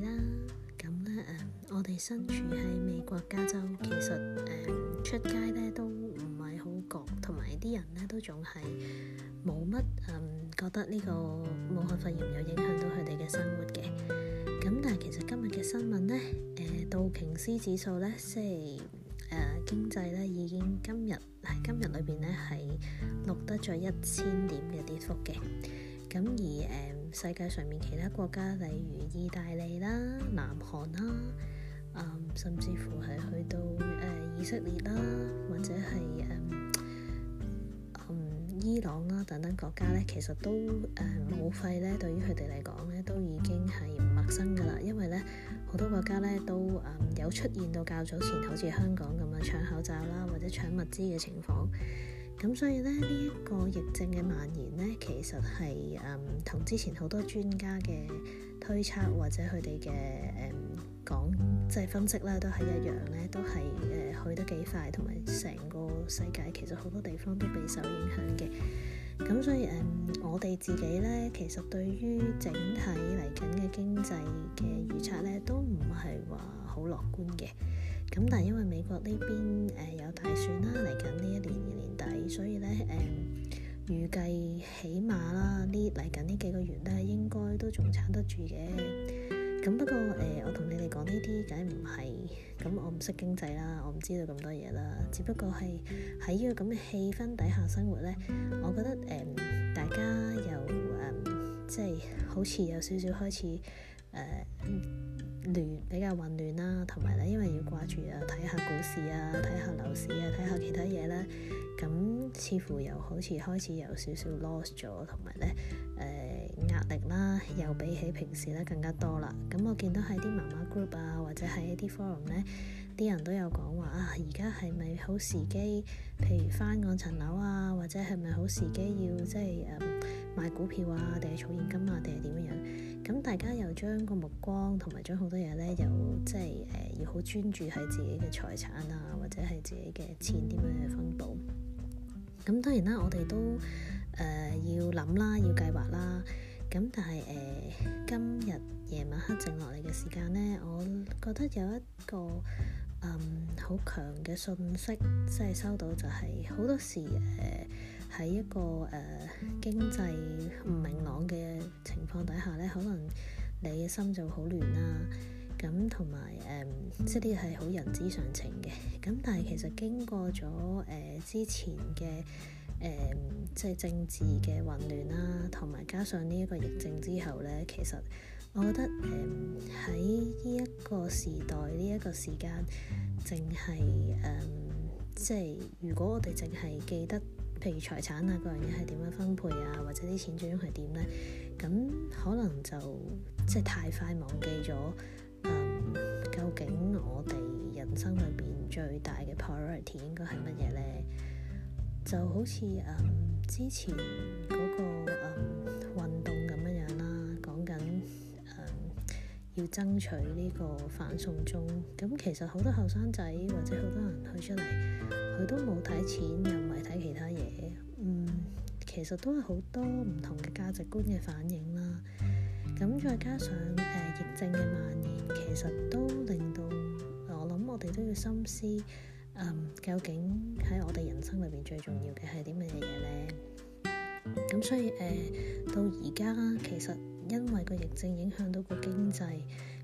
啦，咁咧誒，我哋身處喺美國加州，其實誒出街咧都唔係好焗，同埋啲人咧都總係冇乜誒覺得呢個武漢肺炎有影響到佢哋嘅生活嘅。咁但係其實今日嘅新聞咧，誒道瓊斯指數咧，即係誒經濟咧已經今日喺今日裏邊咧係錄得咗一千點嘅跌幅嘅。咁而誒。世界上面其他國家，例如意大利啦、南韓啦，嗯、甚至乎係去到誒、呃、以色列啦，或者係誒、嗯嗯、伊朗啦等等國家咧，其實都誒武肺咧，嗯、對於佢哋嚟講咧，都已經係唔陌生㗎喇，因為咧好多國家咧都、嗯、有出現到較早前好似香港咁樣搶口罩啦，或者搶物資嘅情況。咁所以咧，呢、這、一個疫症嘅蔓延咧，其實係誒、嗯、同之前好多專家嘅推測或者佢哋嘅誒講即係分析啦，都係一樣咧，都係誒、呃、去得幾快，同埋成個世界其實好多地方都備受影響嘅。咁所以誒、嗯，我哋自己咧，其實對於整體嚟緊嘅經濟嘅預測咧，都唔係話好樂觀嘅。咁但係因為美國呢邊誒有大選啦，嚟緊呢一年二年底，所以咧誒預計起碼啦，呢嚟緊呢幾個月咧應該都仲撐得住嘅。咁不過誒、呃，我同你哋講呢啲梗係唔係？咁、嗯、我唔識經濟啦，我唔知道咁多嘢啦。只不過係喺呢個咁嘅氣氛底下生活咧，我覺得誒、嗯、大家又誒、嗯、即係好似有少少開始誒。呃嗯亂，比較混亂啦，同埋咧，因為要掛住啊，睇下股市啊，睇下樓市啊，睇下其他嘢啦。咁似乎又好似開始有少少 lost 咗，同埋咧，誒、呃、壓力啦，又比起平時咧更加多啦。咁我見到喺啲媽媽 group 啊，或者喺一啲 forum 咧。啲人都有講話啊！而家係咪好時機？譬如翻嗰層樓啊，或者係咪好時機要即係誒買股票啊，定係儲現金啊，定係點樣樣？咁、嗯、大家又將個目光同埋將好多嘢咧，又即係誒、呃、要好專注喺自己嘅財產啊，或者係自己嘅錢點樣去分佈？咁、嗯、當然啦，我哋都誒、呃、要諗啦，要計劃啦。咁但係誒、呃、今日夜晚黑剩落嚟嘅時間咧，我覺得有一個。好、嗯、強嘅信息，即係收到就係、是、好多時誒喺、呃、一個誒、呃、經濟唔明朗嘅情況底下呢，可能你嘅心就好亂啦。咁同埋誒，即係呢啲係好人之常情嘅。咁但係其實經過咗誒、呃、之前嘅誒、呃、即係政治嘅混亂啦，同埋加上呢一個疫症之後呢，其實。我覺得誒喺呢一個時代呢一個時間，淨係誒即係如果我哋淨係記得，譬如財產啊嗰樣嘢係點樣分配啊，或者啲錢最終係點咧，咁可能就即係太快忘記咗、嗯、究竟我哋人生裏邊最大嘅 priority 應該係乜嘢咧？就好似誒、嗯、之前嗰個、嗯要爭取呢個反送中，咁其實好多後生仔或者好多人去出嚟，佢都冇睇錢，又唔係睇其他嘢，嗯，其實都係好多唔同嘅價值觀嘅反應啦。咁再加上誒、呃、疫症嘅蔓延，其實都令到我諗，我哋都要深思，嗯、究竟喺我哋人生裏邊最重要嘅係啲咩嘢咧？咁所以誒、呃，到而家其實。因為個疫症影響到個經濟，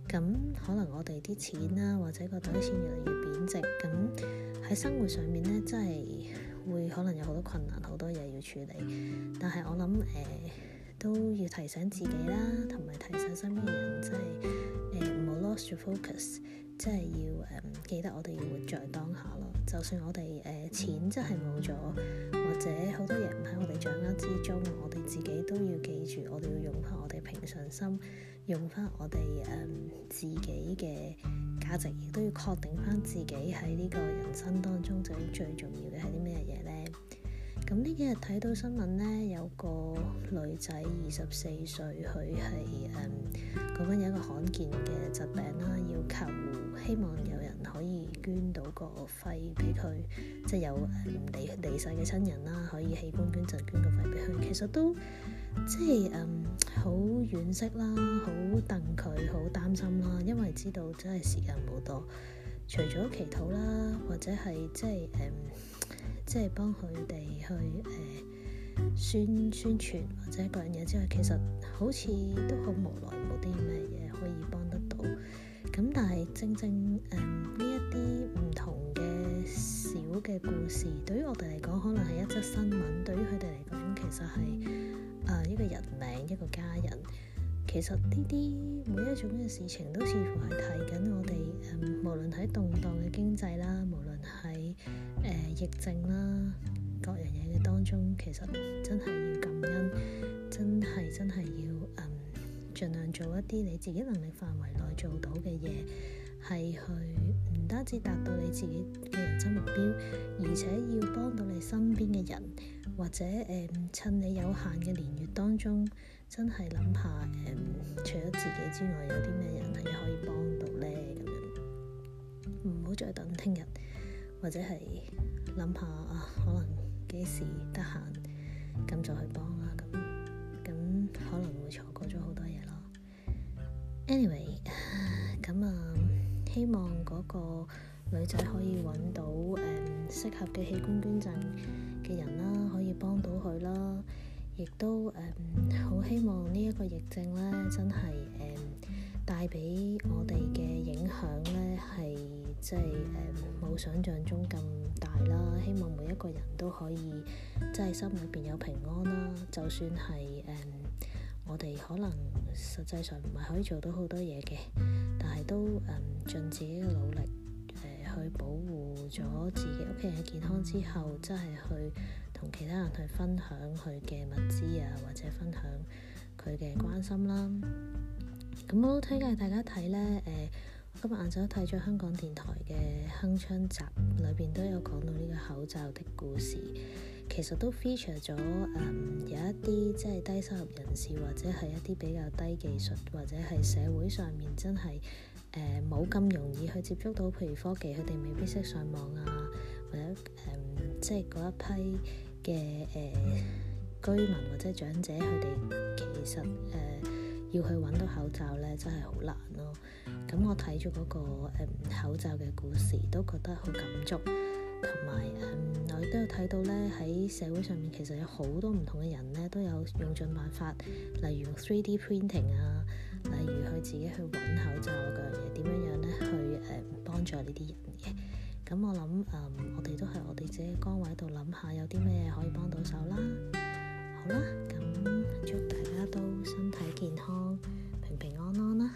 咁可能我哋啲錢啦、啊，或者個袋錢越嚟越貶值，咁喺生活上面咧，真係會可能有好多困難，好多嘢要處理。但係我諗，誒、呃、都要提醒自己啦，同埋提醒身邊人，即係誒，唔好 lost focus，即係要誒、呃、記得我哋要活在當下咯。就算我哋誒、呃、錢真係冇咗，或者好多嘢唔喺我哋掌握之中，我哋自己都要記住，我哋要用。信心，用翻我哋誒、嗯、自己嘅價值，亦都要確定翻自己喺呢個人生當中最最重要嘅係啲咩嘢。咁呢幾日睇到新聞咧，有個女仔二十四歲，佢係誒講緊有一個罕見嘅疾病啦，要求希望有人可以捐到個肺俾佢，即係有嗯、離離世嘅親人啦，可以器官捐贈捐個肺俾佢。其實都即係誒好惋惜啦，好戥佢，好擔心啦，因為知道真係時間唔多，除咗祈禱啦，或者係即係誒。嗯即係幫佢哋去誒、呃、宣宣傳或者各樣嘢之外，其實好似都好無奈，冇啲咩嘢可以幫得到。咁但係正正誒呢一啲唔同嘅小嘅故事，對於我哋嚟講，可能係一則新聞，對於佢哋嚟講其實係誒、呃、一個人名，一個家人。其實呢啲每一種嘅事情，都似乎係提緊我哋誒，無論喺動盪嘅經濟啦，無論係，誒、呃、疫症啦，各樣嘢嘅當中，其實真係要感恩，真係真係要嗯，盡量做一啲你自己能力範圍內做到嘅嘢，係去唔單止達到你自己嘅人生目標，而且要幫到你身邊嘅人，或者誒、嗯、趁你有限嘅年月當中，真係諗下誒、嗯，除咗自己之外，有啲咩人係可以幫到呢？咁樣唔好再等聽日。或者係諗下啊，可能幾時得閒，咁就去幫啦。咁咁可能會錯過咗好多嘢咯。Anyway，咁啊，希望嗰個女仔可以揾到誒、嗯、適合嘅器官捐贈嘅人啦，可以幫到佢啦。亦都好、嗯、希望呢一個疫症咧，真係帶俾我哋嘅影響呢，係即係冇想象中咁大啦。希望每一個人都可以即係心裏邊有平安啦。就算係、呃、我哋可能實際上唔係可以做到好多嘢嘅，但係都誒、呃、盡自己嘅努力、呃、去保護咗自己屋企人嘅健康之後，即係去同其他人去分享佢嘅物資啊，或者分享佢嘅關心啦。咁我都推介大家睇呢。誒、呃，今日晏晝睇咗香港電台嘅《鏗鏘集》，裏邊都有講到呢個口罩的故事。其實都 feature 咗，誒、呃，有一啲即係低收入人士，或者係一啲比較低技術，或者係社會上面真係誒冇咁容易去接觸到，譬如科技，佢哋未必識上網啊，或者誒，即係嗰一批嘅誒、呃、居民或者長者，佢哋其實誒。呃要去揾到口罩呢，真係好難咯。咁我睇咗嗰個、嗯、口罩嘅故事，都覺得好感觸。同埋，嗯，我亦都有睇到呢，喺社會上面其實有好多唔同嘅人呢，都有用盡辦法，例如用 3D printing 啊，例如去自己去揾口罩嘅嘢，點樣樣呢？去、嗯、誒幫助呢啲人嘅。咁我諗，嗯，我哋都係我哋自己嘅崗位度諗下，有啲咩可以幫到手啦。好啦，咁祝大家都身體健康，平平安安啦！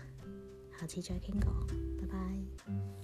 下次再傾過，拜拜。